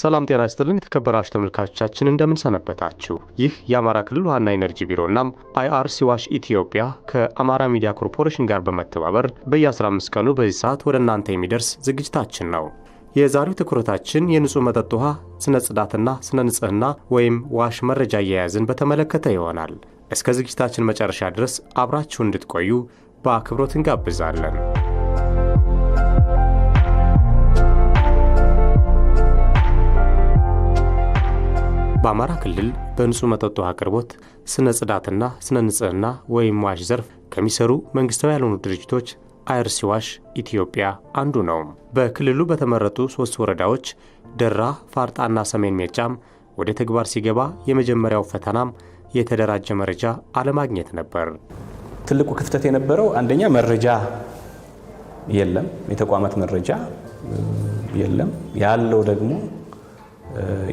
ሰላም ጤና ይስጥልን የተከበራችሁ ተመልካቾቻችን እንደምን ሰነበታችሁ? ይህ የአማራ ክልል ውሃና ኢነርጂ ቢሮና አይአርሲ ዋሽ ኢትዮጵያ ከአማራ ሚዲያ ኮርፖሬሽን ጋር በመተባበር በየ15 ቀኑ በዚህ ሰዓት ወደ እናንተ የሚደርስ ዝግጅታችን ነው። የዛሬው ትኩረታችን የንጹህ መጠጥ ውሃ ስነ ጽዳትና ስነ ንጽህና ወይም ዋሽ መረጃ አያያዝን በተመለከተ ይሆናል። እስከ ዝግጅታችን መጨረሻ ድረስ አብራችሁ እንድትቆዩ በአክብሮት እንጋብዛለን። በአማራ ክልል በንጹህ መጠጥ ውሃ አቅርቦት፣ ስነ ጽዳትና ስነ ንጽህና ወይም ዋሽ ዘርፍ ከሚሰሩ መንግስታዊ ያልሆኑ ድርጅቶች አይርሲ ዋሽ ኢትዮጵያ አንዱ ነው። በክልሉ በተመረጡ ሦስት ወረዳዎች ደራ፣ ፋርጣና ሰሜን ሜጫም ወደ ተግባር ሲገባ የመጀመሪያው ፈተናም የተደራጀ መረጃ አለማግኘት ነበር። ትልቁ ክፍተት የነበረው አንደኛ መረጃ የለም፣ የተቋማት መረጃ የለም። ያለው ደግሞ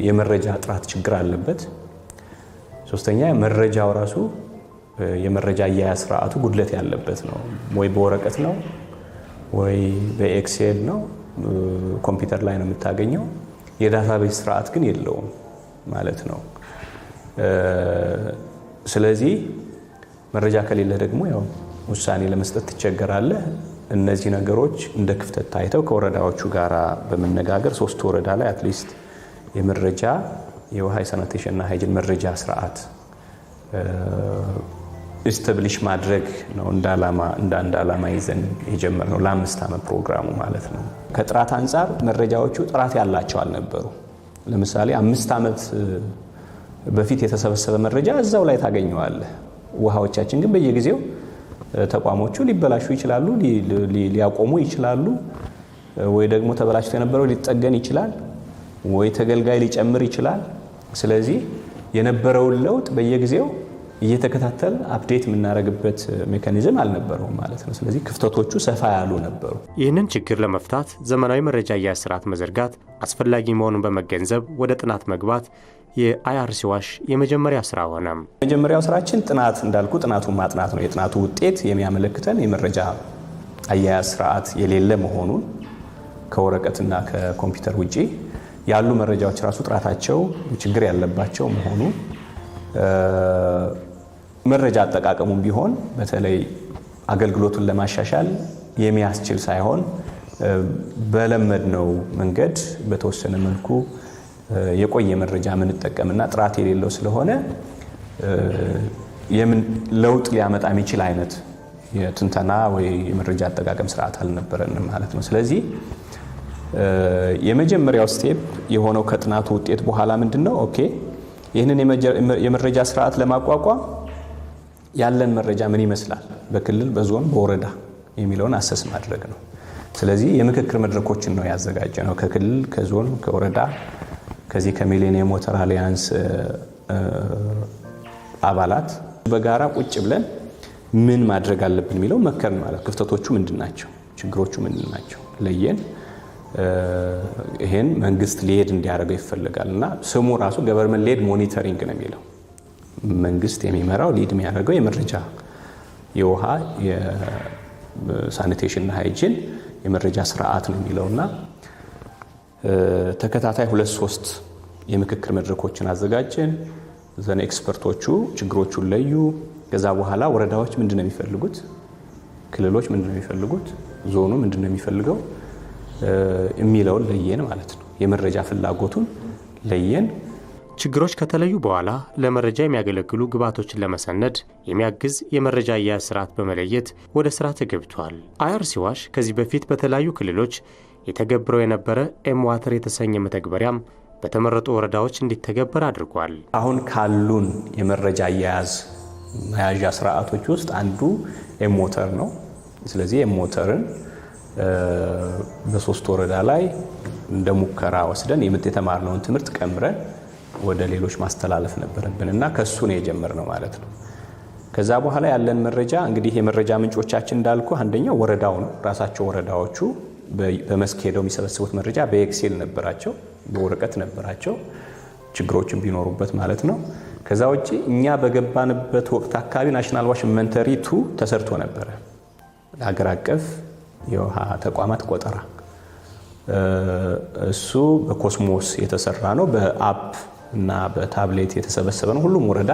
የመረጃ ጥራት ችግር አለበት። ሶስተኛ መረጃው ራሱ የመረጃ አያያዝ ስርዓቱ ጉድለት ያለበት ነው። ወይ በወረቀት ነው ወይ በኤክሴል ነው ኮምፒውተር ላይ ነው የምታገኘው። የዳታቤዝ ስርዓት ግን የለውም ማለት ነው። ስለዚህ መረጃ ከሌለ ደግሞ ያው ውሳኔ ለመስጠት ትቸገራለህ። እነዚህ ነገሮች እንደ ክፍተት ታይተው ከወረዳዎቹ ጋራ በመነጋገር ሶስት ወረዳ ላይ አትሊስት የመረጃ የውሃ የሳኒቴሽንና ሃይጅን መረጃ ስርዓት ኢስተብሊሽ ማድረግ ነው እንደ ዓላማ እንደ አንድ ዓላማ ይዘን ነው ለአምስት ዓመት ፕሮግራሙ ማለት ነው። ከጥራት አንጻር መረጃዎቹ ጥራት ያላቸው አልነበሩ። ለምሳሌ አምስት ዓመት በፊት የተሰበሰበ መረጃ እዛው ላይ ታገኘዋለህ። ውሃዎቻችን ግን በየጊዜው ተቋሞቹ ሊበላሹ ይችላሉ፣ ሊያቆሙ ይችላሉ፣ ወይ ደግሞ ተበላሽቶ የነበረው ሊጠገን ይችላል። ወይ ተገልጋይ ሊጨምር ይችላል። ስለዚህ የነበረውን ለውጥ በየጊዜው እየተከታተል አፕዴት የምናደርግበት ሜካኒዝም አልነበረውም ማለት ነው። ስለዚህ ክፍተቶቹ ሰፋ ያሉ ነበሩ። ይህንን ችግር ለመፍታት ዘመናዊ መረጃ አያያዝ ስርዓት መዘርጋት አስፈላጊ መሆኑን በመገንዘብ ወደ ጥናት መግባት የአይአርሲ ዋሽ የመጀመሪያ ስራ ሆነ። የመጀመሪያው ስራችን ጥናት እንዳልኩ ጥናቱ ማጥናት ነው። የጥናቱ ውጤት የሚያመለክተን የመረጃ አያያዝ ስርዓት የሌለ መሆኑን ከወረቀትና ከኮምፒውተር ውጪ ያሉ መረጃዎች ራሱ ጥራታቸው ችግር ያለባቸው መሆኑ መረጃ አጠቃቀሙም ቢሆን በተለይ አገልግሎቱን ለማሻሻል የሚያስችል ሳይሆን በለመድነው መንገድ በተወሰነ መልኩ የቆየ መረጃ የምንጠቀምና ጥራት የሌለው ስለሆነ ለውጥ ሊያመጣ የሚችል አይነት የትንተና ወይ የመረጃ አጠቃቀም ስርዓት አልነበረንም ማለት ነው። ስለዚህ የመጀመሪያው ስቴፕ የሆነው ከጥናቱ ውጤት በኋላ ምንድን ነው ኦኬ ይህንን የመረጃ ስርዓት ለማቋቋም ያለን መረጃ ምን ይመስላል በክልል በዞን በወረዳ የሚለውን አሰስ ማድረግ ነው ስለዚህ የምክክር መድረኮችን ነው ያዘጋጀ ነው ከክልል ከዞን ከወረዳ ከዚህ ከሚሌኒየም ሞተር አሊያንስ አባላት በጋራ ቁጭ ብለን ምን ማድረግ አለብን የሚለው መከርን ማለት ክፍተቶቹ ምንድን ናቸው ችግሮቹ ምንድን ናቸው ለየን ይሄን መንግስት ሊሄድ እንዲያደርገው ይፈልጋል እና ስሙ ራሱ ገቨርመንት ሊሄድ ሞኒተሪንግ ነው የሚለው መንግስት የሚመራው ሊድ የሚያደርገው የመረጃ የውሃ የሳኒቴሽንና ሃይጂን የመረጃ ስርዓት ነው እና ተከታታይ ሁለት ሶስት የምክክር መድረኮችን አዘጋጀን። ዘን ኤክስፐርቶቹ ችግሮቹን ለዩ። ከዛ በኋላ ወረዳዎች ምንድን ነው የሚፈልጉት፣ ክልሎች ምንድን ነው የሚፈልጉት፣ ዞኑ ምንድን ነው የሚፈልገው የሚለውን ለየን ማለት ነው። የመረጃ ፍላጎቱን ለየን። ችግሮች ከተለዩ በኋላ ለመረጃ የሚያገለግሉ ግብዓቶችን ለመሰነድ የሚያግዝ የመረጃ አያያዝ ስርዓት በመለየት ወደ ስራ ተገብቷል። አይአርሲ ዋሽ ከዚህ በፊት በተለያዩ ክልሎች የተገብረው የነበረ ኤምዋተር የተሰኘ መተግበሪያም በተመረጡ ወረዳዎች እንዲተገበር አድርጓል። አሁን ካሉን የመረጃ አያያዝ መያዣ ስርዓቶች ውስጥ አንዱ ኤሞተር ነው። ስለዚህ ኤሞተርን በሶስት ወረዳ ላይ እንደ ሙከራ ወስደን የተማርነውን ትምህርት ቀምረን ወደ ሌሎች ማስተላለፍ ነበረብን እና ከሱ ነው የጀመርነው ማለት ነው። ከዛ በኋላ ያለን መረጃ እንግዲህ የመረጃ ምንጮቻችን እንዳልኩ አንደኛው ወረዳው ነው። ራሳቸው ወረዳዎቹ በመስክ ሄደው የሚሰበስቡት መረጃ በኤክሴል ነበራቸው፣ በወረቀት ነበራቸው ችግሮችን ቢኖሩበት ማለት ነው። ከዛ ውጭ እኛ በገባንበት ወቅት አካባቢ ናሽናል መንተሪ ቱ ተሰርቶ ነበረ ሀገር አቀፍ የውሃ ተቋማት ቆጠራ እሱ በኮስሞስ የተሰራ ነው። በአፕ እና በታብሌት የተሰበሰበ ነው። ሁሉም ወረዳ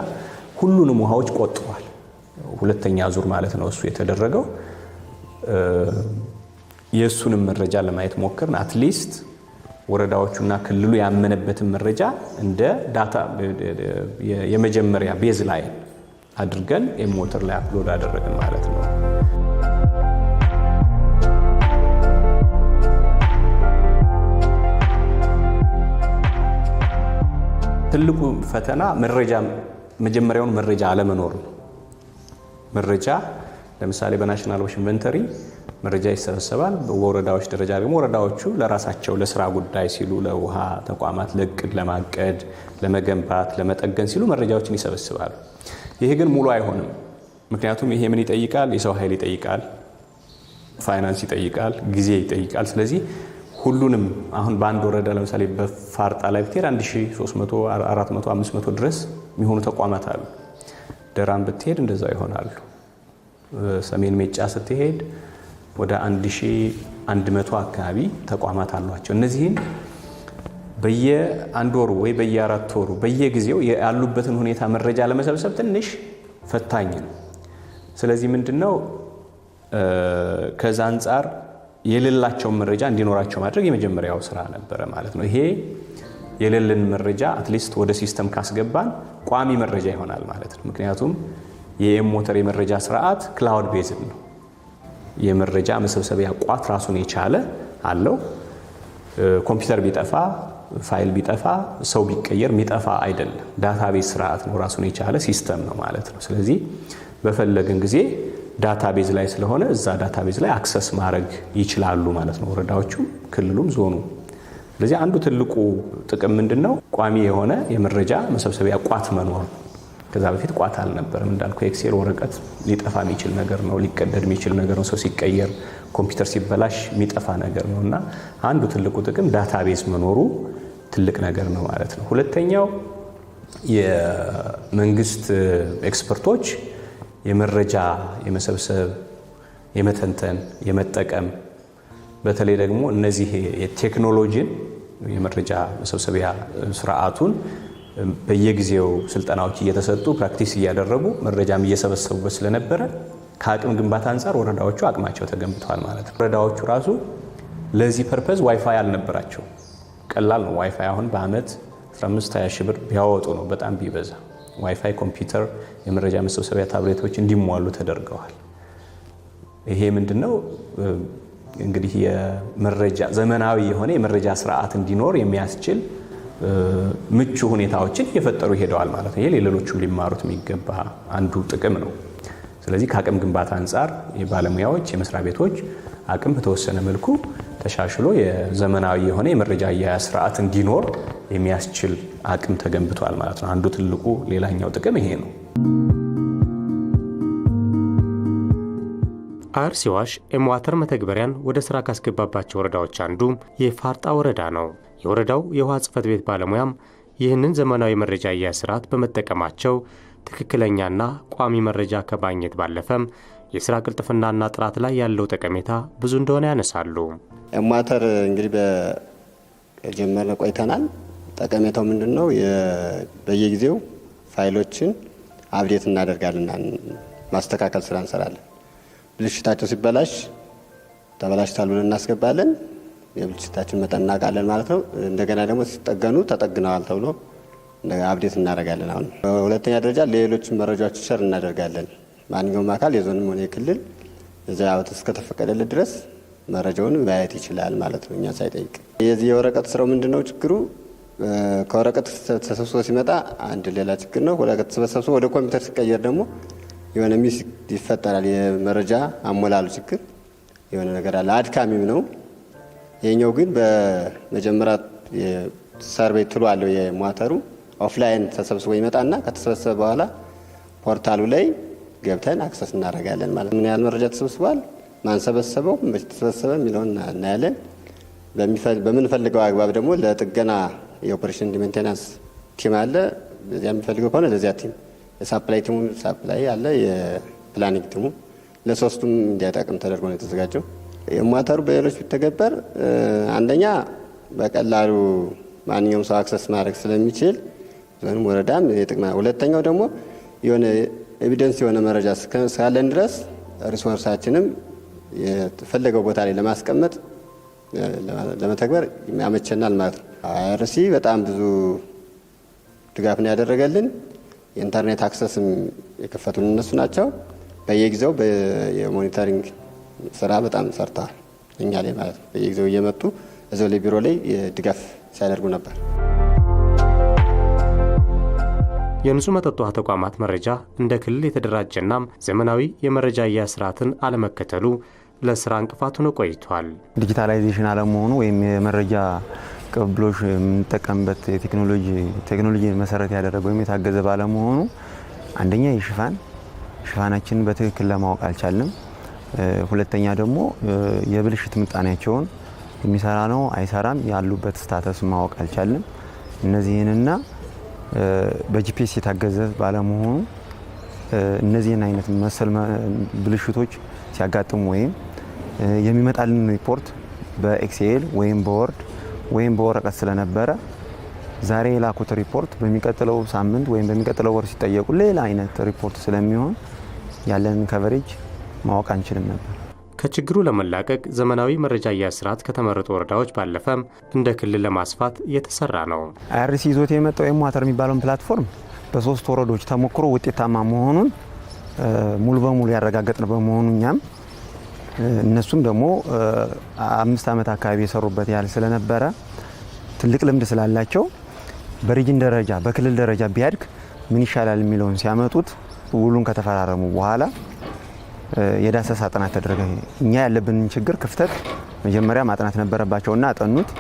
ሁሉንም ውሃዎች ቆጥሯል። ሁለተኛ ዙር ማለት ነው እሱ የተደረገው። የእሱንም መረጃ ለማየት ሞከርን አትሊስት ወረዳዎቹና ክልሉ ያመነበትን መረጃ እንደ ዳታ የመጀመሪያ ቤዝ ላይን አድርገን ኤሞተር ላይ አፕሎድ አደረግን ማለት ነው። ትልቁ ፈተና መረጃ መጀመሪያውን መረጃ አለመኖር ነው። መረጃ ለምሳሌ በናሽናሎች ኢንቨንተሪ መረጃ ይሰበሰባል። በወረዳዎች ደረጃ ደግሞ ወረዳዎቹ ለራሳቸው ለስራ ጉዳይ ሲሉ ለውሃ ተቋማት ለእቅድ ለማቀድ፣ ለመገንባት፣ ለመጠገን ሲሉ መረጃዎችን ይሰበስባሉ። ይሄ ግን ሙሉ አይሆንም። ምክንያቱም ይሄ ምን ይጠይቃል? የሰው ኃይል ይጠይቃል፣ ፋይናንስ ይጠይቃል፣ ጊዜ ይጠይቃል። ስለዚህ ሁሉንም አሁን በአንድ ወረዳ ለምሳሌ በፋርጣ ላይ ብትሄድ 1300፣ 400፣ 500 ድረስ የሚሆኑ ተቋማት አሉ። ደራም ብትሄድ እንደዛ ይሆናሉ። ሰሜን ሜጫ ስትሄድ ወደ 1100 አካባቢ ተቋማት አሏቸው። እነዚህን በየአንድ ወሩ ወይ በየአራት ወሩ በየጊዜው ያሉበትን ሁኔታ መረጃ ለመሰብሰብ ትንሽ ፈታኝ ነው። ስለዚህ ምንድን ነው ከዛ አንጻር የሌላቸውን መረጃ እንዲኖራቸው ማድረግ የመጀመሪያው ስራ ነበረ ማለት ነው። ይሄ የሌለን መረጃ አትሊስት ወደ ሲስተም ካስገባን ቋሚ መረጃ ይሆናል ማለት ነው። ምክንያቱም የኤሞተር የመረጃ ስርዓት ክላውድ ቤዝድ ነው። የመረጃ መሰብሰቢያ ቋት ራሱን የቻለ አለው። ኮምፒውተር ቢጠፋ ፋይል ቢጠፋ ሰው ቢቀየር የሚጠፋ አይደለም። ዳታቤዝ ስርዓት ነው፣ ራሱን የቻለ ሲስተም ነው ማለት ነው። ስለዚህ በፈለግን ጊዜ ዳታቤዝ ላይ ስለሆነ እዛ ዳታቤዝ ላይ አክሰስ ማድረግ ይችላሉ ማለት ነው ወረዳዎቹም ክልሉም ዞኑ። ስለዚህ አንዱ ትልቁ ጥቅም ምንድን ነው? ቋሚ የሆነ የመረጃ መሰብሰቢያ ቋት መኖር። ከዛ በፊት ቋት አልነበረም። እንዳልኩ ኤክሴል ወረቀት ሊጠፋ የሚችል ነገር ነው፣ ሊቀደድ የሚችል ነገር ነው። ሰው ሲቀየር፣ ኮምፒውተር ሲበላሽ የሚጠፋ ነገር ነው እና አንዱ ትልቁ ጥቅም ዳታቤዝ መኖሩ ትልቅ ነገር ነው ማለት ነው። ሁለተኛው የመንግስት ኤክስፐርቶች የመረጃ የመሰብሰብ የመተንተን የመጠቀም በተለይ ደግሞ እነዚህ የቴክኖሎጂን የመረጃ መሰብሰቢያ ስርዓቱን በየጊዜው ስልጠናዎች እየተሰጡ ፕራክቲስ እያደረጉ መረጃም እየሰበሰቡበት ስለነበረ ከአቅም ግንባታ አንጻር ወረዳዎቹ አቅማቸው ተገንብተዋል ማለት ነው። ወረዳዎቹ ራሱ ለዚህ ፐርፐዝ ዋይፋይ አልነበራቸው። ቀላል ነው። ዋይፋይ አሁን በአመት 15 20 ሺህ ብር ቢያወጡ ነው በጣም ቢበዛ ዋይፋይ፣ ኮምፒውተር፣ የመረጃ መሰብሰቢያ ታብሌቶች እንዲሟሉ ተደርገዋል። ይሄ ምንድን ነው እንግዲህ የመረጃ ዘመናዊ የሆነ የመረጃ ስርዓት እንዲኖር የሚያስችል ምቹ ሁኔታዎችን እየፈጠሩ ይሄደዋል ማለት ነው። ይሄ ሌሎቹም ሊማሩት የሚገባ አንዱ ጥቅም ነው። ስለዚህ ከአቅም ግንባታ አንጻር የባለሙያዎች የመስሪያ ቤቶች አቅም በተወሰነ መልኩ ተሻሽሎ የዘመናዊ የሆነ የመረጃ አያያዝ ስርዓት እንዲኖር የሚያስችል አቅም ተገንብቷል ማለት ነው። አንዱ ትልቁ ሌላኛው ጥቅም ይሄ ነው። አርሲ ዋሽ ኤምዋተር መተግበሪያን ወደ ስራ ካስገባባቸው ወረዳዎች አንዱ የፋርጣ ወረዳ ነው። የወረዳው የውሃ ጽህፈት ቤት ባለሙያም ይህንን ዘመናዊ መረጃ አያያዝ ስርዓት በመጠቀማቸው ትክክለኛና ቋሚ መረጃ ከማግኘት ባለፈም የስራ ቅልጥፍናና ጥራት ላይ ያለው ጠቀሜታ ብዙ እንደሆነ ያነሳሉ። ማተር እንግዲህ በጀመረ ቆይተናል። ጠቀሜታው ምንድን ነው? በየጊዜው ፋይሎችን አብዴት እናደርጋለን፣ ማስተካከል ስራ እንሰራለን። ብልሽታቸው ሲበላሽ ተበላሽታል ብለን እናስገባለን። የብልሽታችን መጠን እናውቃለን ማለት ነው። እንደገና ደግሞ ሲጠገኑ ተጠግነዋል ተብሎ አብዴት እናደርጋለን። አሁን በሁለተኛ ደረጃ ለሌሎችን መረጃዎች ሸር እናደርጋለን። ማንኛውም አካል የዞንም ሆነ የክልል እዚያ እስከተፈቀደለት ድረስ መረጃውን ማየት ይችላል ማለት ነው፣ እኛ ሳይጠይቅ። የዚህ የወረቀት ስራው ምንድን ነው ችግሩ? ከወረቀት ተሰብስቦ ሲመጣ አንድ ሌላ ችግር ነው። ወረቀት ተሰብስቦ ወደ ኮምፒውተር ሲቀየር ደግሞ የሆነ ሚስ ይፈጠራል። የመረጃ አሞላሉ ችግር የሆነ ነገር አለ፣ አድካሚም ነው። የኛው ግን በመጀመሪያ ሰርቬይ ትሎ አለው የሟተሩ ኦፍላይን ተሰብስቦ ይመጣና ከተሰበሰበ በኋላ ፖርታሉ ላይ ገብተን አክሰስ እናደርጋለን ማለት ምን ያህል መረጃ ተሰብስቧል ማንሰበሰበው መች ተሰበሰበ የሚለውን እናያለን። በምንፈልገው አግባብ ደግሞ ለጥገና የኦፕሬሽን ዲሜንቴናንስ ቲም አለ። በዚያ የሚፈልገው ከሆነ ለዚያ ቲም የሳፕላይ ቲሙ ሳፕላይ አለ፣ የፕላኒንግ ቲሙ ለሶስቱም እንዲያጠቅም ተደርጎ ነው የተዘጋጀው። የሟተሩ በሌሎች ቢተገበር አንደኛ በቀላሉ ማንኛውም ሰው አክሰስ ማድረግ ስለሚችል ወይም ወረዳም የጥቅማ ሁለተኛው ደግሞ የሆነ ኤቪደንስ የሆነ መረጃ እስካለን ድረስ ሪሶርሳችንም የተፈለገው ቦታ ላይ ለማስቀመጥ ለመተግበር ያመቸናል ማለት ነው። አይአርሲ በጣም ብዙ ድጋፍን ያደረገልን የኢንተርኔት አክሰስም የከፈቱን እነሱ ናቸው። በየጊዜው የሞኒተሪንግ ስራ በጣም ሰርተዋል፣ እኛ ላይ ማለት ነው። በየጊዜው እየመጡ እዚው ላይ ቢሮ ላይ ድጋፍ ሲያደርጉ ነበር። የንጹህ መጠጥ ውሃ ተቋማት መረጃ እንደ ክልል የተደራጀና ዘመናዊ የመረጃ አያ ስርዓትን አለመከተሉ ለስራ እንቅፋት ሆኖ ቆይቷል። ዲጂታላይዜሽን አለመሆኑ ወይም የመረጃ ቅብሎች የምንጠቀምበት ቴክኖሎጂ ቴክኖሎጂ መሰረት ያደረገ ወይም የታገዘ ባለመሆኑ አንደኛ የሽፋን ሽፋናችንን በትክክል ለማወቅ አልቻልንም። ሁለተኛ ደግሞ የብልሽት ምጣኔያቸውን የሚሰራ ነው አይሰራም፣ ያሉበት ስታተስ ማወቅ አልቻልንም። እነዚህንና በጂፒኤስ የታገዘ ባለመሆኑ እነዚህን አይነት መሰል ብልሽቶች ሲያጋጥሙ ወይም የሚመጣልን ሪፖርት በኤክስኤል ወይም በወርድ ወይም በወረቀት ስለነበረ ዛሬ የላኩት ሪፖርት በሚቀጥለው ሳምንት ወይም በሚቀጥለው ወር ሲጠየቁ ሌላ አይነት ሪፖርት ስለሚሆን ያለንን ከቨሬጅ ማወቅ አንችልም ነበር። ከችግሩ ለመላቀቅ ዘመናዊ መረጃ አያያዝ ስርዓት ከተመረጡ ወረዳዎች ባለፈም እንደ ክልል ለማስፋት እየተሰራ ነው። አይአርሲ ይዞት የመጣው ኤምዋተር የሚባለውን ፕላትፎርም በሶስት ወረዶች ተሞክሮ ውጤታማ መሆኑን ሙሉ በሙሉ ያረጋገጥን በመሆኑ እኛም እነሱም ደግሞ አምስት ዓመት አካባቢ የሰሩበት ያህል ስለነበረ ትልቅ ልምድ ስላላቸው በሪጅን ደረጃ በክልል ደረጃ ቢያድግ ምን ይሻላል የሚለውን ሲያመጡት ውሉን ከተፈራረሙ በኋላ የዳሰሳ ጥናት ተደረገ። እኛ ያለብንን ችግር ክፍተት መጀመሪያ ማጥናት ነበረባቸውና አጠኑት።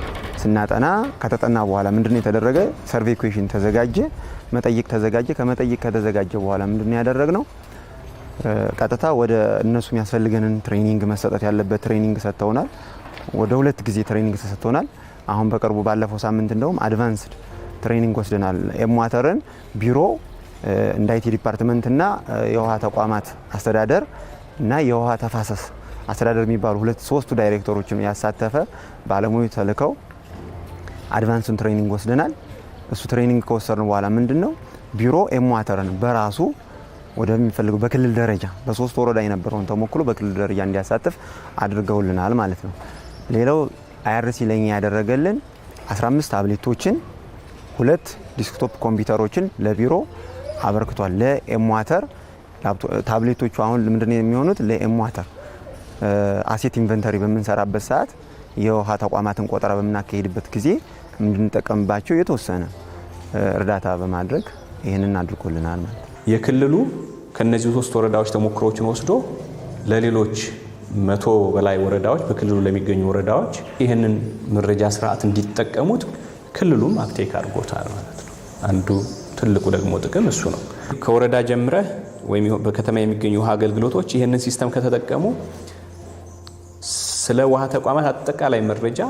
ስናጠና ከተጠና በኋላ ምንድነው የተደረገ? ሰርቬይ ኩዌሽን ተዘጋጀ፣ መጠይቅ ተዘጋጀ። ከመጠይቅ ከተዘጋጀ በኋላ ምንድነው ነው። ቀጥታ ወደ እነሱ የሚያስፈልገንን ትሬኒንግ መሰጠት ያለበት ትሬኒንግ ሰጥተውናል። ወደ ሁለት ጊዜ ትሬኒንግ ተሰጥተውናል። አሁን በቅርቡ ባለፈው ሳምንት እንደውም አድቫንስድ ትሬኒንግ ወስደናል። ኤምዋተርን ቢሮ እንደ አይቲ ዲፓርትመንትና የውሃ ተቋማት አስተዳደር እና የውሃ ተፋሰስ አስተዳደር የሚባሉ ሁለት ሶስቱ ዳይሬክተሮችን ያሳተፈ ባለሙያዎች ተልከው አድቫንስን ትሬኒንግ ወስደናል። እሱ ትሬኒንግ ከወሰድን በኋላ ምንድን ነው ቢሮ ኤምዋተርን በራሱ ወደሚፈልገው በክልል ደረጃ በሶስት ወረዳ የነበረውን ተሞክሎ በክልል ደረጃ እንዲያሳትፍ አድርገውልናል ማለት ነው። ሌላው አይአርሲ ለኛ ያደረገልን 15 ታብሌቶችን ሁለት ዲስክቶፕ ኮምፒውተሮችን ለቢሮ አበርክቷል። ለኤሟተር ታብሌቶቹ አሁን ምንድነው የሚሆኑት? ለኤሟተር አሴት ኢንቨንተሪ በምንሰራበት ሰዓት የውሃ ተቋማትን ቆጠራ በምናካሄድበት ጊዜ እንድንጠቀምባቸው የተወሰነ እርዳታ በማድረግ ይህንን አድርጎልናል ማለት ነው። የክልሉ ከነዚህ ሶስት ወረዳዎች ተሞክሮዎችን ወስዶ ለሌሎች መቶ በላይ ወረዳዎች በክልሉ ለሚገኙ ወረዳዎች ይህንን መረጃ ስርዓት እንዲጠቀሙት ክልሉም አፕቴክ አድርጎታል ማለት ነው። አንዱ ትልቁ ደግሞ ጥቅም እሱ ነው። ከወረዳ ጀምረህ ወይም በከተማ የሚገኙ ውሃ አገልግሎቶች ይህንን ሲስተም ከተጠቀሙ ስለ ውሃ ተቋማት አጠቃላይ መረጃ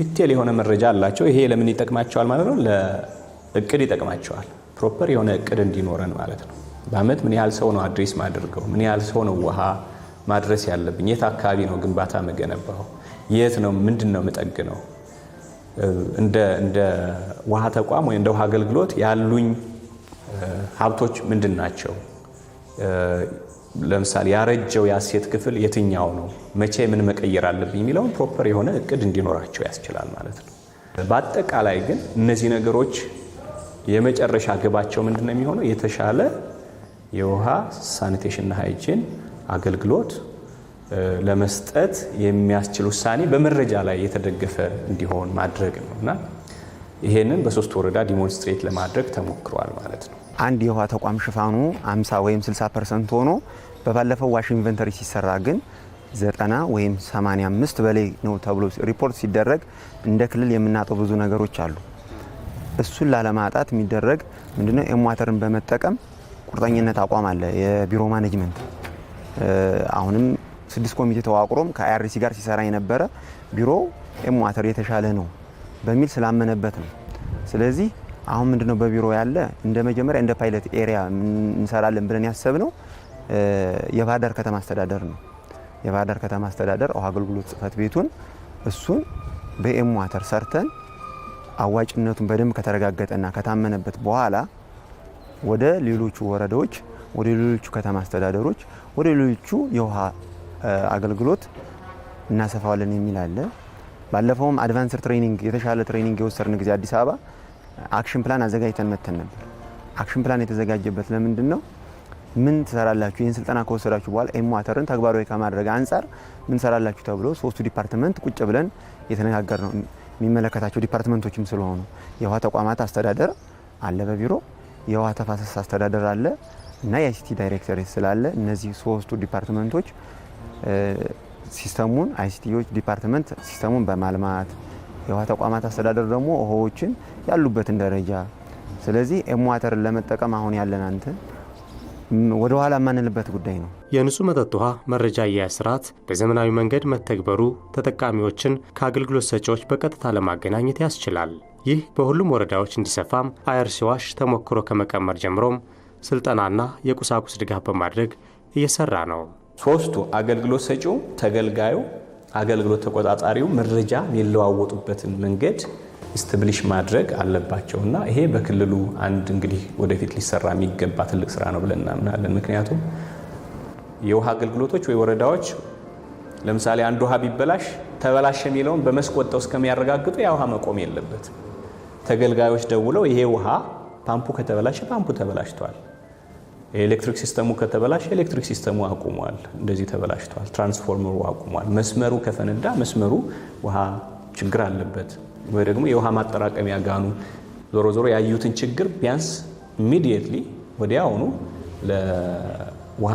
ዲቴል የሆነ መረጃ አላቸው። ይሄ ለምን ይጠቅማቸዋል ማለት ነው? ለእቅድ ይጠቅማቸዋል። ፕሮፐር የሆነ እቅድ እንዲኖረን ማለት ነው። በአመት ምን ያህል ሰው ነው አድሬስ ማደርገው? ምን ያህል ሰው ነው ውሃ ማድረስ ያለብኝ? የት አካባቢ ነው ግንባታ መገነባው? የት ነው ምንድን ነው ምጠግ ነው? እንደ ውሃ ተቋም ወይ እንደ ውሃ አገልግሎት ያሉኝ ሀብቶች ምንድን ናቸው? ለምሳሌ ያረጀው የአሴት ክፍል የትኛው ነው? መቼ ምን መቀየር አለብኝ የሚለውን ፕሮፐር የሆነ እቅድ እንዲኖራቸው ያስችላል ማለት ነው። በአጠቃላይ ግን እነዚህ ነገሮች የመጨረሻ ግባቸው ምንድን ነው የሚሆነው? የተሻለ የውሃ ሳኒቴሽንና ሃይጂን አገልግሎት ለመስጠት የሚያስችል ውሳኔ በመረጃ ላይ የተደገፈ እንዲሆን ማድረግ ነው እና ይሄንን በሶስት ወረዳ ዲሞንስትሬት ለማድረግ ተሞክሯል ማለት ነው። አንድ የውሃ ተቋም ሽፋኑ 50 ወይም 60 ፐርሰንት ሆኖ በባለፈው ዋሽ ኢንቨንተሪ ሲሰራ ግን 90 ወይም 85 በላይ ነው ተብሎ ሪፖርት ሲደረግ እንደ ክልል የምናጠው ብዙ ነገሮች አሉ። እሱን ላለማጣት የሚደረግ ምንድነው ኤምዋተርን በመጠቀም ቁርጠኝነት አቋም አለ የቢሮ ማኔጅመንት። አሁንም ስድስት ኮሚቴ ተዋቅሮም ከአይአርሲ ጋር ሲሰራ የነበረ ቢሮ ኤምዋተር የተሻለ ነው በሚል ስላመነበት ነው። ስለዚህ አሁን ምንድነው በቢሮ ያለ እንደ መጀመሪያ እንደ ፓይለት ኤሪያ እንሰራለን ብለን ያሰብነው የባህር ዳር ከተማ አስተዳደር ነው። የባህር ዳር ከተማ አስተዳደር ውሃ አገልግሎት ጽሕፈት ቤቱን እሱን በኤምዋተር ሰርተን አዋጭነቱን በደንብ ከተረጋገጠና ከታመነበት በኋላ ወደ ሌሎቹ ወረዳዎች፣ ወደ ሌሎቹ ከተማ አስተዳደሮች፣ ወደ ሌሎቹ የውሃ አገልግሎት እናሰፋዋለን የሚል አለ። ባለፈውም አድቫንስድ ትሬኒንግ የተሻለ ትሬኒንግ የወሰድን ጊዜ አዲስ አበባ አክሽን ፕላን አዘጋጅተን መተን ነበር። አክሽን ፕላን የተዘጋጀበት ለምንድን ነው? ምን ትሰራላችሁ? ይህን ስልጠና ከወሰዳችሁ በኋላ ኤም ዋተርን ተግባራዊ ከማድረግ አንጻር ምን ትሰራላችሁ ተብሎ ሶስቱ ዲፓርትመንት ቁጭ ብለን የተነጋገር ነው የሚመለከታቸው ዲፓርትመንቶችም ስለሆኑ የውሃ ተቋማት አስተዳደር አለ በቢሮ የውሃ ተፋሰስ አስተዳደር አለ እና የአይሲቲ ዳይሬክተሬት ስላለ እነዚህ ሶስቱ ዲፓርትመንቶች ሲስተሙን አይሲቲዎች ዲፓርትመንት ሲስተሙን በማልማት የውሃ ተቋማት አስተዳደር ደግሞ ውሃዎችን ያሉበትን ደረጃ ስለዚህ ኤም ለመጠቀም አሁን ያለን አንተ ወደ ኋላ የማንልበት ጉዳይ ነው። የንጹህ መጠጥ ውሃ መረጃ አያያዝ ስርዓት በዘመናዊ መንገድ መተግበሩ ተጠቃሚዎችን ከአገልግሎት ሰጪዎች በቀጥታ ለማገናኘት ያስችላል። ይህ በሁሉም ወረዳዎች እንዲሰፋም አይርሲ ዋሽ ተሞክሮ ከመቀመር ጀምሮም ስልጠናና የቁሳቁስ ድጋፍ በማድረግ እየሰራ ነው። ሶስቱ አገልግሎት ሰጪው፣ ተገልጋዩ፣ አገልግሎት ተቆጣጣሪው መረጃ የሚለዋወጡበትን መንገድ ስትብሊሽ ማድረግ አለባቸው እና ይሄ በክልሉ አንድ እንግዲህ ወደፊት ሊሰራ የሚገባ ትልቅ ስራ ነው ብለን እናምናለን። ምክንያቱም የውሃ አገልግሎቶች ወይ ወረዳዎች ለምሳሌ አንድ ውሃ ቢበላሽ ተበላሽ የሚለውን በመስክ ወጥተው እስከሚያረጋግጡ ያ ውሃ መቆም የለበትም። ተገልጋዮች ደውለው ይሄ ውሃ ፓምፑ ከተበላሸ ፓምፑ ተበላሽቷል፣ የኤሌክትሪክ ሲስተሙ ከተበላሸ ኤሌክትሪክ ሲስተሙ አቁሟል፣ እንደዚህ ተበላሽቷል፣ ትራንስፎርመሩ አቁሟል፣ መስመሩ ከፈነዳ መስመሩ ውሃ ችግር አለበት ወይ ደግሞ የውሃ ማጠራቀሚያ ጋኑ ዞሮ ዞሮ ያዩትን ችግር ቢያንስ ኢሚዲየትሊ ወዲያውኑ ውሃ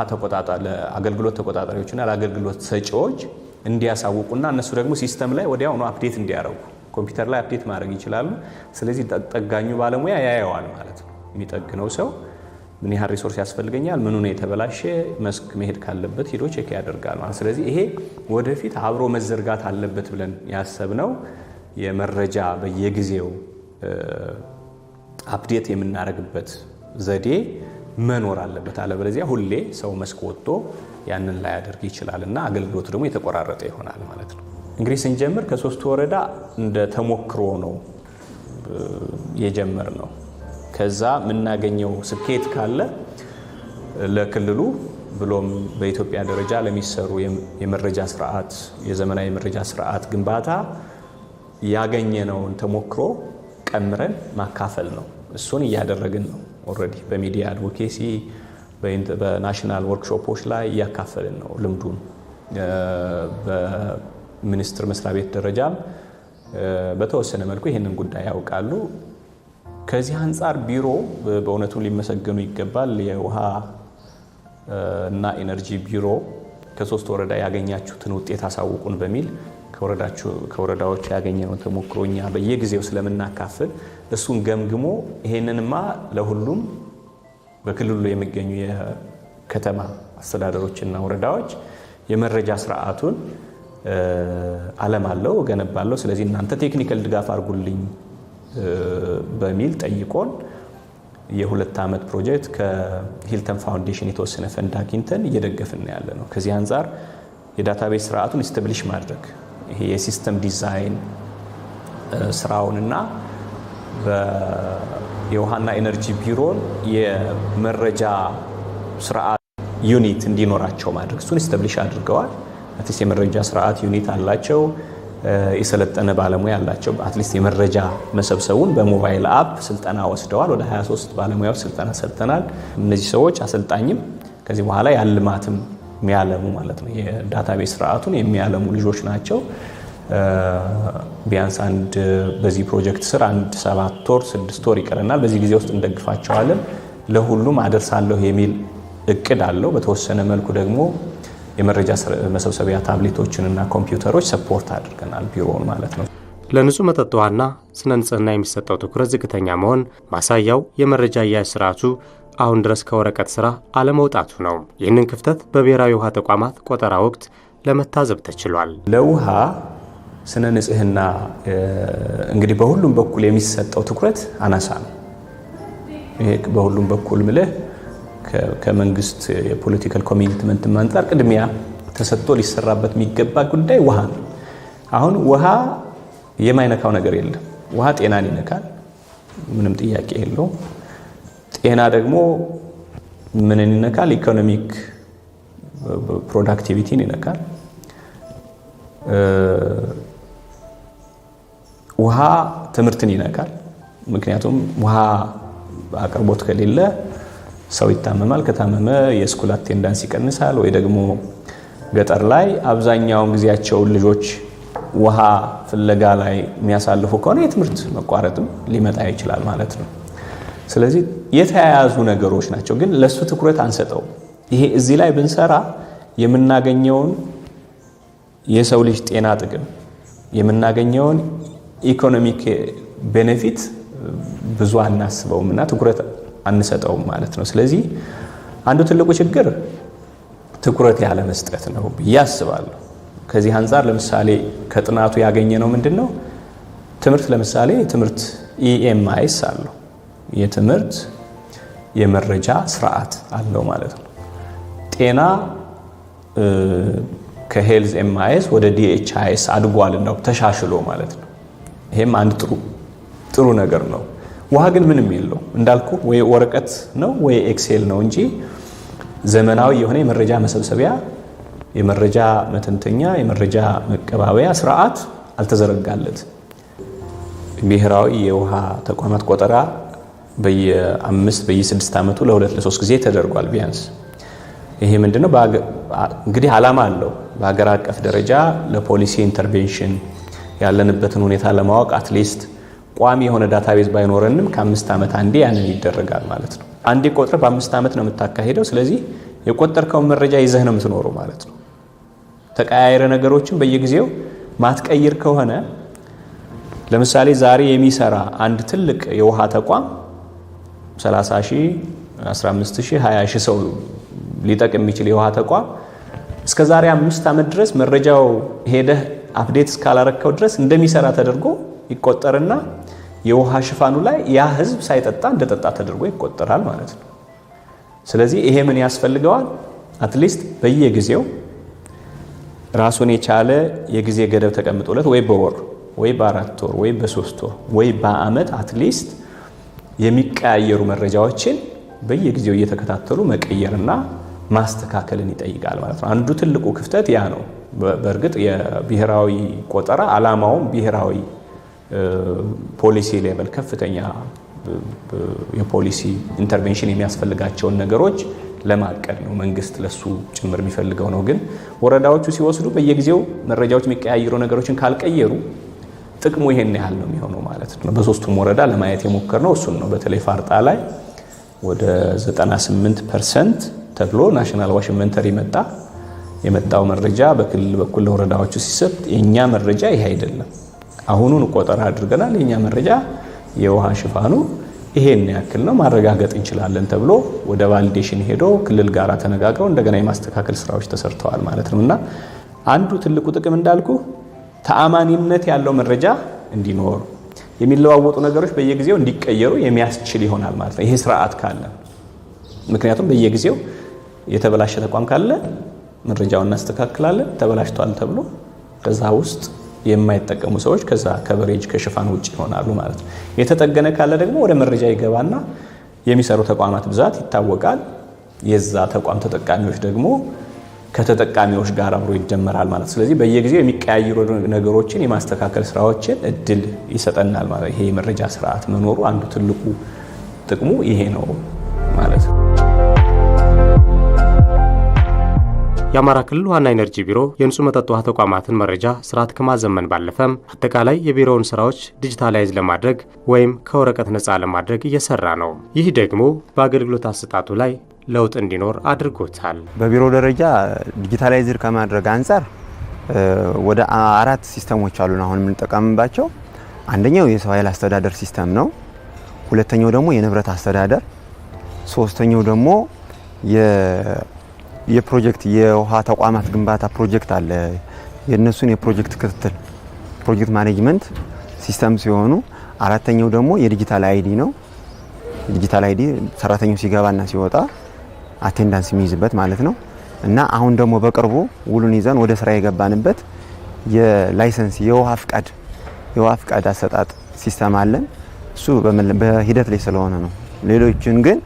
አገልግሎት ተቆጣጣሪዎችና ለአገልግሎት ሰጪዎች እንዲያሳውቁና እነሱ ደግሞ ሲስተም ላይ ወዲያውኑ አፕዴት እንዲያደርጉ ኮምፒውተር ላይ አፕዴት ማድረግ ይችላሉ። ስለዚህ ጠጋኙ ባለሙያ ያየዋል ማለት ነው። የሚጠግነው ሰው ምን ያህል ሪሶርስ ያስፈልገኛል፣ ምኑ ነው የተበላሸ፣ መስክ መሄድ ካለበት ሄዶ ቼክ ያደርጋል ማለት። ስለዚህ ይሄ ወደፊት አብሮ መዘርጋት አለበት ብለን ያሰብነው የመረጃ በየጊዜው አፕዴት የምናደርግበት ዘዴ መኖር አለበት። አለበለዚያ ሁሌ ሰው መስክ ወጥቶ ያንን ላያደርግ ይችላል እና አገልግሎቱ ደግሞ የተቆራረጠ ይሆናል ማለት ነው። እንግዲህ ስንጀምር ከሶስቱ ወረዳ እንደ ተሞክሮ ነው የጀመር ነው። ከዛ የምናገኘው ስኬት ካለ ለክልሉ ብሎም በኢትዮጵያ ደረጃ ለሚሰሩ የመረጃ ስርዓት የዘመናዊ የመረጃ ስርዓት ግንባታ ያገኘነውን ተሞክሮ ቀምረን ማካፈል ነው። እሱን እያደረግን ነው። ኦልሬዲ በሚዲያ አድቮኬሲ በናሽናል ወርክሾፖች ላይ እያካፈልን ነው ልምዱን። በሚኒስቴር መስሪያ ቤት ደረጃም በተወሰነ መልኩ ይህንን ጉዳይ ያውቃሉ። ከዚህ አንጻር ቢሮ በእውነቱ ሊመሰገኑ ይገባል። የውሃ እና ኢነርጂ ቢሮ ከሶስት ወረዳ ያገኛችሁትን ውጤት አሳውቁን በሚል ከወረዳዎች ያገኘነው ተሞክሮ እኛ በየጊዜው ስለምናካፍል እሱን ገምግሞ ይሄንንማ ለሁሉም በክልሉ የሚገኙ የከተማ አስተዳደሮችና ወረዳዎች የመረጃ ስርዓቱን አለም አለው እገነባለሁ፣ ስለዚህ እናንተ ቴክኒካል ድጋፍ አድርጉልኝ በሚል ጠይቆን የሁለት ዓመት ፕሮጀክት ከሂልተን ፋውንዴሽን የተወሰነ ፈንድ አግኝተን እየደገፍን ያለ ነው። ከዚህ አንጻር የዳታቤዝ ስርዓቱን ስተብሊሽ ማድረግ ይሄ የሲስተም ዲዛይን ስራውንና የውሃና ኤነርጂ ቢሮን የመረጃ ስርዓት ዩኒት እንዲኖራቸው ማድረግ እሱን ስተብሊሽ አድርገዋል። አትሊስት የመረጃ ስርዓት ዩኒት አላቸው። የሰለጠነ ባለሙያ አላቸው። አትሊስት የመረጃ መሰብሰቡን በሞባይል አፕ ስልጠና ወስደዋል። ወደ 23 ባለሙያዎች ስልጠና ሰጥተናል። እነዚህ ሰዎች አሰልጣኝም ከዚህ በኋላ ያልማትም የሚያለሙ ማለት ነው። የዳታቤዝ ስርዓቱን የሚያለሙ ልጆች ናቸው። ቢያንስ አንድ በዚህ ፕሮጀክት ስር አንድ ሰባት ወር ስድስት ወር ይቀረናል። በዚህ ጊዜ ውስጥ እንደግፋቸዋለን። ለሁሉም አደርሳለሁ የሚል እቅድ አለው። በተወሰነ መልኩ ደግሞ የመረጃ መሰብሰቢያ ታብሌቶችንና ኮምፒውተሮች ሰፖርት አድርገናል፣ ቢሮውን ማለት ነው። ለንጹህ መጠጥ ውሃና ስነ ንጽህና የሚሰጠው ትኩረት ዝቅተኛ መሆን ማሳያው የመረጃ አያያዝ ስርዓቱ አሁን ድረስ ከወረቀት ሥራ አለመውጣቱ ነው። ይህንን ክፍተት በብሔራዊ ውሃ ተቋማት ቆጠራ ወቅት ለመታዘብ ተችሏል። ለውሃ ስነ ንጽህና እንግዲህ በሁሉም በኩል የሚሰጠው ትኩረት አናሳ ነው። ይሄ በሁሉም በኩል ምልህ ከመንግስት የፖለቲካል ኮሚኒትመንት አንጻር ቅድሚያ ተሰጥቶ ሊሰራበት የሚገባ ጉዳይ ውሃ ነው። አሁን ውሃ የማይነካው ነገር የለም። ውሃ ጤናን ይነካል፣ ምንም ጥያቄ የለውም። ጤና ደግሞ ምንን ይነካል? ኢኮኖሚክ ፕሮዳክቲቪቲን ይነካል። ውሃ ትምህርትን ይነካል። ምክንያቱም ውሃ አቅርቦት ከሌለ ሰው ይታመማል። ከታመመ የስኩል አቴንዳንስ ይቀንሳል። ወይ ደግሞ ገጠር ላይ አብዛኛውን ጊዜያቸውን ልጆች ውሃ ፍለጋ ላይ የሚያሳልፉ ከሆነ የትምህርት መቋረጥም ሊመጣ ይችላል ማለት ነው። ስለዚህ የተያያዙ ነገሮች ናቸው፣ ግን ለእሱ ትኩረት አንሰጠውም። ይሄ እዚህ ላይ ብንሰራ የምናገኘውን የሰው ልጅ ጤና ጥቅም የምናገኘውን ኢኮኖሚክ ቤኔፊት ብዙ አናስበውም እና ትኩረት አንሰጠውም ማለት ነው። ስለዚህ አንዱ ትልቁ ችግር ትኩረት ያለ መስጠት ነው ብዬ አስባለሁ። ከዚህ አንጻር ለምሳሌ ከጥናቱ ያገኘ ነው ምንድን ነው ትምህርት ለምሳሌ ትምህርት ኢኤምአይስ አለው የትምህርት የመረጃ ስርዓት አለው ማለት ነው። ጤና ከሄልዝ ኤምአይኤስ ወደ ዲኤችአይኤስ አድጓል፣ እንዳውም ተሻሽሎ ማለት ነው። ይሄም አንድ ጥሩ ጥሩ ነገር ነው። ውሃ ግን ምንም የለው እንዳልኩ፣ ወይ ወረቀት ነው ወይ ኤክሴል ነው እንጂ ዘመናዊ የሆነ የመረጃ መሰብሰቢያ፣ የመረጃ መተንተኛ፣ የመረጃ መቀባበያ ስርዓት አልተዘረጋለት። ብሔራዊ የውሃ ተቋማት ቆጠራ በየአምስት በየስድስት ዓመቱ ለሁለት ለሶስት ጊዜ ተደርጓል ቢያንስ። ይሄ ምንድነው እንግዲህ አላማ አለው። በሀገር አቀፍ ደረጃ ለፖሊሲ ኢንተርቬንሽን ያለንበትን ሁኔታ ለማወቅ አትሊስት ቋሚ የሆነ ዳታቤዝ ባይኖረንም ከአምስት ዓመት አንዴ ያንን ይደረጋል ማለት ነው። አንዴ ቆጥረ በአምስት ዓመት ነው የምታካሄደው። ስለዚህ የቆጠርከውን መረጃ ይዘህ ነው የምትኖረው ማለት ነው። ተቀያየረ ነገሮችን በየጊዜው ማትቀይር ከሆነ ለምሳሌ ዛሬ የሚሰራ አንድ ትልቅ የውሃ ተቋም 30 15 ሺ 20 ሺህ ሰው ሊጠቅም የሚችል የውሃ ተቋም እስከ ዛሬ አምስት ዓመት ድረስ መረጃው ሄደህ አፕዴት እስካላረከው ድረስ እንደሚሰራ ተደርጎ ይቆጠርና የውሃ ሽፋኑ ላይ ያ ህዝብ ሳይጠጣ እንደጠጣ ተደርጎ ይቆጠራል ማለት ነው። ስለዚህ ይሄ ምን ያስፈልገዋል? አትሊስት በየጊዜው ራሱን የቻለ የጊዜ ገደብ ተቀምጦለት ወይ በወር ወይ በአራት ወር ወይ በሶስት ወር ወይ በአመት አትሊስት የሚቀያየሩ መረጃዎችን በየጊዜው እየተከታተሉ መቀየርና ማስተካከልን ይጠይቃል ማለት ነው። አንዱ ትልቁ ክፍተት ያ ነው። በእርግጥ የብሔራዊ ቆጠራ ዓላማውም ብሔራዊ ፖሊሲ ሌቨል ከፍተኛ የፖሊሲ ኢንተርቬንሽን የሚያስፈልጋቸውን ነገሮች ለማቀድ ነው። መንግስት ለሱ ጭምር የሚፈልገው ነው። ግን ወረዳዎቹ ሲወስዱ በየጊዜው መረጃዎች የሚቀያየሩ ነገሮችን ካልቀየሩ ጥቅሙ ይሄን ያህል ነው የሚሆነው ማለት ነው። በሶስቱም ወረዳ ለማየት የሞከርነው እሱን ነው። በተለይ ፋርጣ ላይ ወደ 98 ፐርሰንት ተብሎ ናሽናል ዋሽ ኢንቨንተሪ መጣ። የመጣው መረጃ በክልል በኩል ለወረዳዎቹ ሲሰጥ የእኛ መረጃ ይሄ አይደለም። አሁኑን ቆጠራ አድርገናል። የእኛ መረጃ የውሃ ሽፋኑ ይሄን ያክል ነው ማረጋገጥ እንችላለን ተብሎ ወደ ቫሊዴሽን ሄዶ ክልል ጋር ተነጋግረው እንደገና የማስተካከል ስራዎች ተሰርተዋል ማለት ነው እና አንዱ ትልቁ ጥቅም እንዳልኩ ተአማኒነት ያለው መረጃ እንዲኖር የሚለዋወጡ ነገሮች በየጊዜው እንዲቀየሩ የሚያስችል ይሆናል ማለት ነው፣ ይሄ ስርዓት ካለ። ምክንያቱም በየጊዜው የተበላሸ ተቋም ካለ መረጃውን እናስተካክላለን፣ ተበላሽቷል ተብሎ ከዛ ውስጥ የማይጠቀሙ ሰዎች ከዛ ከበሬጅ ከሽፋን ውጭ ይሆናሉ ማለት ነው። የተጠገነ ካለ ደግሞ ወደ መረጃ ይገባና የሚሰሩ ተቋማት ብዛት ይታወቃል። የዛ ተቋም ተጠቃሚዎች ደግሞ ከተጠቃሚዎች ጋር አብሮ ይደመራል ማለት። ስለዚህ በየጊዜው የሚቀያየሩ ነገሮችን የማስተካከል ስራዎችን እድል ይሰጠናል ማለት። ይሄ የመረጃ ስርዓት መኖሩ አንዱ ትልቁ ጥቅሙ ይሄ ነው ማለት ነው። የአማራ ክልል ውሃና ኢነርጂ ቢሮ የንጹህ መጠጥ ውሃ ተቋማትን መረጃ ስርዓት ከማዘመን ባለፈም አጠቃላይ የቢሮውን ስራዎች ዲጂታላይዝ ለማድረግ ወይም ከወረቀት ነፃ ለማድረግ እየሰራ ነው። ይህ ደግሞ በአገልግሎት አሰጣጡ ላይ ለውጥ እንዲኖር አድርጎታል። በቢሮ ደረጃ ዲጂታላይዝድ ከማድረግ አንጻር ወደ አራት ሲስተሞች አሉን አሁን የምንጠቀምባቸው። አንደኛው የሰው ኃይል አስተዳደር ሲስተም ነው። ሁለተኛው ደግሞ የንብረት አስተዳደር፣ ሶስተኛው ደግሞ የፕሮጀክት የውሃ ተቋማት ግንባታ ፕሮጀክት አለ። የእነሱን የፕሮጀክት ክትትል ፕሮጀክት ማኔጅመንት ሲስተም ሲሆኑ፣ አራተኛው ደግሞ የዲጂታል አይዲ ነው። ዲጂታል አይዲ ሰራተኛው ሲገባና ሲወጣ አቴንዳንስ የሚይዝበት ማለት ነው እና አሁን ደግሞ በቅርቡ ውሉን ይዘን ወደ ስራ የገባንበት የላይሰንስ የውሃ ፍቃድ የውሃ ፍቃድ አሰጣጥ ሲስተም አለን። እሱ በሂደት ላይ ስለሆነ ነው። ሌሎችን ግን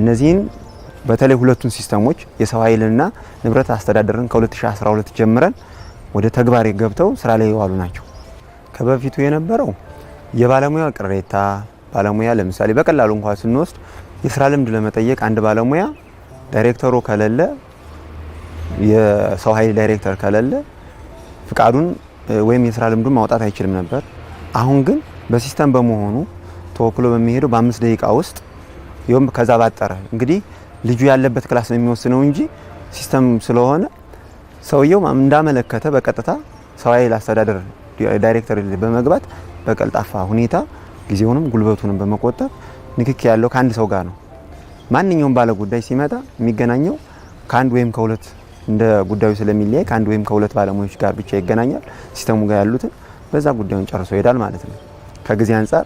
እነዚህን በተለይ ሁለቱን ሲስተሞች የሰው ኃይልና ንብረት አስተዳደርን ከ2012 ጀምረን ወደ ተግባር ገብተው ስራ ላይ የዋሉ ናቸው። ከበፊቱ የነበረው የባለሙያ ቅሬታ ባለሙያ ለምሳሌ በቀላሉ እንኳ ስንወስድ የስራ ልምድ ለመጠየቅ አንድ ባለሙያ ዳይሬክተሩ ከሌለ የሰው ኃይል ዳይሬክተር ከሌለ ፍቃዱን ወይም የስራ ልምዱን ማውጣት አይችልም ነበር። አሁን ግን በሲስተም በመሆኑ ተወክሎ በሚሄደው በአምስት ደቂቃ ውስጥ ይኸውም ከዛ ባጠረ እንግዲህ ልጁ ያለበት ክላስ ነው የሚወስነው እንጂ ሲስተም ስለሆነ ሰውየው እንዳመለከተ በቀጥታ ሰው ኃይል አስተዳደር ዳይሬክተር በመግባት በቀልጣፋ ሁኔታ ጊዜውንም ጉልበቱንም በመቆጠብ ንክኪ ያለው ከአንድ ሰው ጋር ነው። ማንኛውም ባለ ጉዳይ ሲመጣ የሚገናኘው ከአንድ ወይም ከሁለት እንደ ጉዳዩ ስለሚለያይ ከአንድ ወይም ከሁለት ባለሙያዎች ጋር ብቻ ይገናኛል። ሲስተሙ ጋር ያሉትን በዛ ጉዳዩን ጨርሶ ይሄዳል ማለት ነው። ከጊዜ አንጻር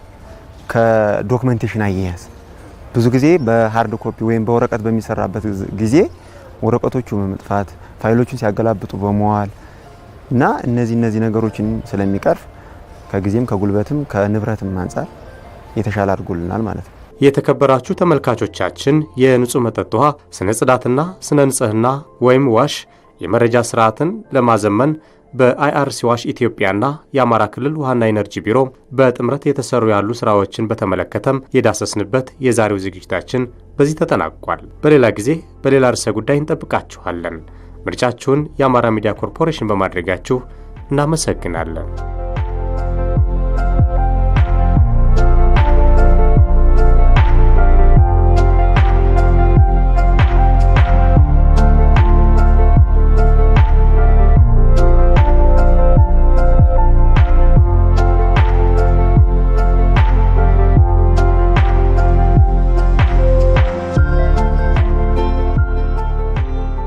ከዶክመንቴሽን አያያዝ ብዙ ጊዜ በሀርድ ኮፒ ወይም በወረቀት በሚሰራበት ጊዜ ወረቀቶቹ በመጥፋት ፋይሎቹን ሲያገላብጡ በመዋል እና እነዚህ እነዚህ ነገሮችን ስለሚቀርፍ ከጊዜም ከጉልበትም ከንብረትም አንጻር የተሻለ አድርጎልናል ማለት ነው። የተከበራችሁ ተመልካቾቻችን የንጹህ መጠጥ ውሃ ስነ ጽዳትና ስነ ንጽህና ወይም ዋሽ የመረጃ ስርዓትን ለማዘመን በአይአርሲ ዋሽ ኢትዮጵያና የአማራ ክልል ውሃና ኢነርጂ ቢሮ በጥምረት የተሰሩ ያሉ ስራዎችን በተመለከተም የዳሰስንበት የዛሬው ዝግጅታችን በዚህ ተጠናቋል። በሌላ ጊዜ በሌላ ርዕሰ ጉዳይ እንጠብቃችኋለን። ምርጫችሁን የአማራ ሚዲያ ኮርፖሬሽን በማድረጋችሁ እናመሰግናለን።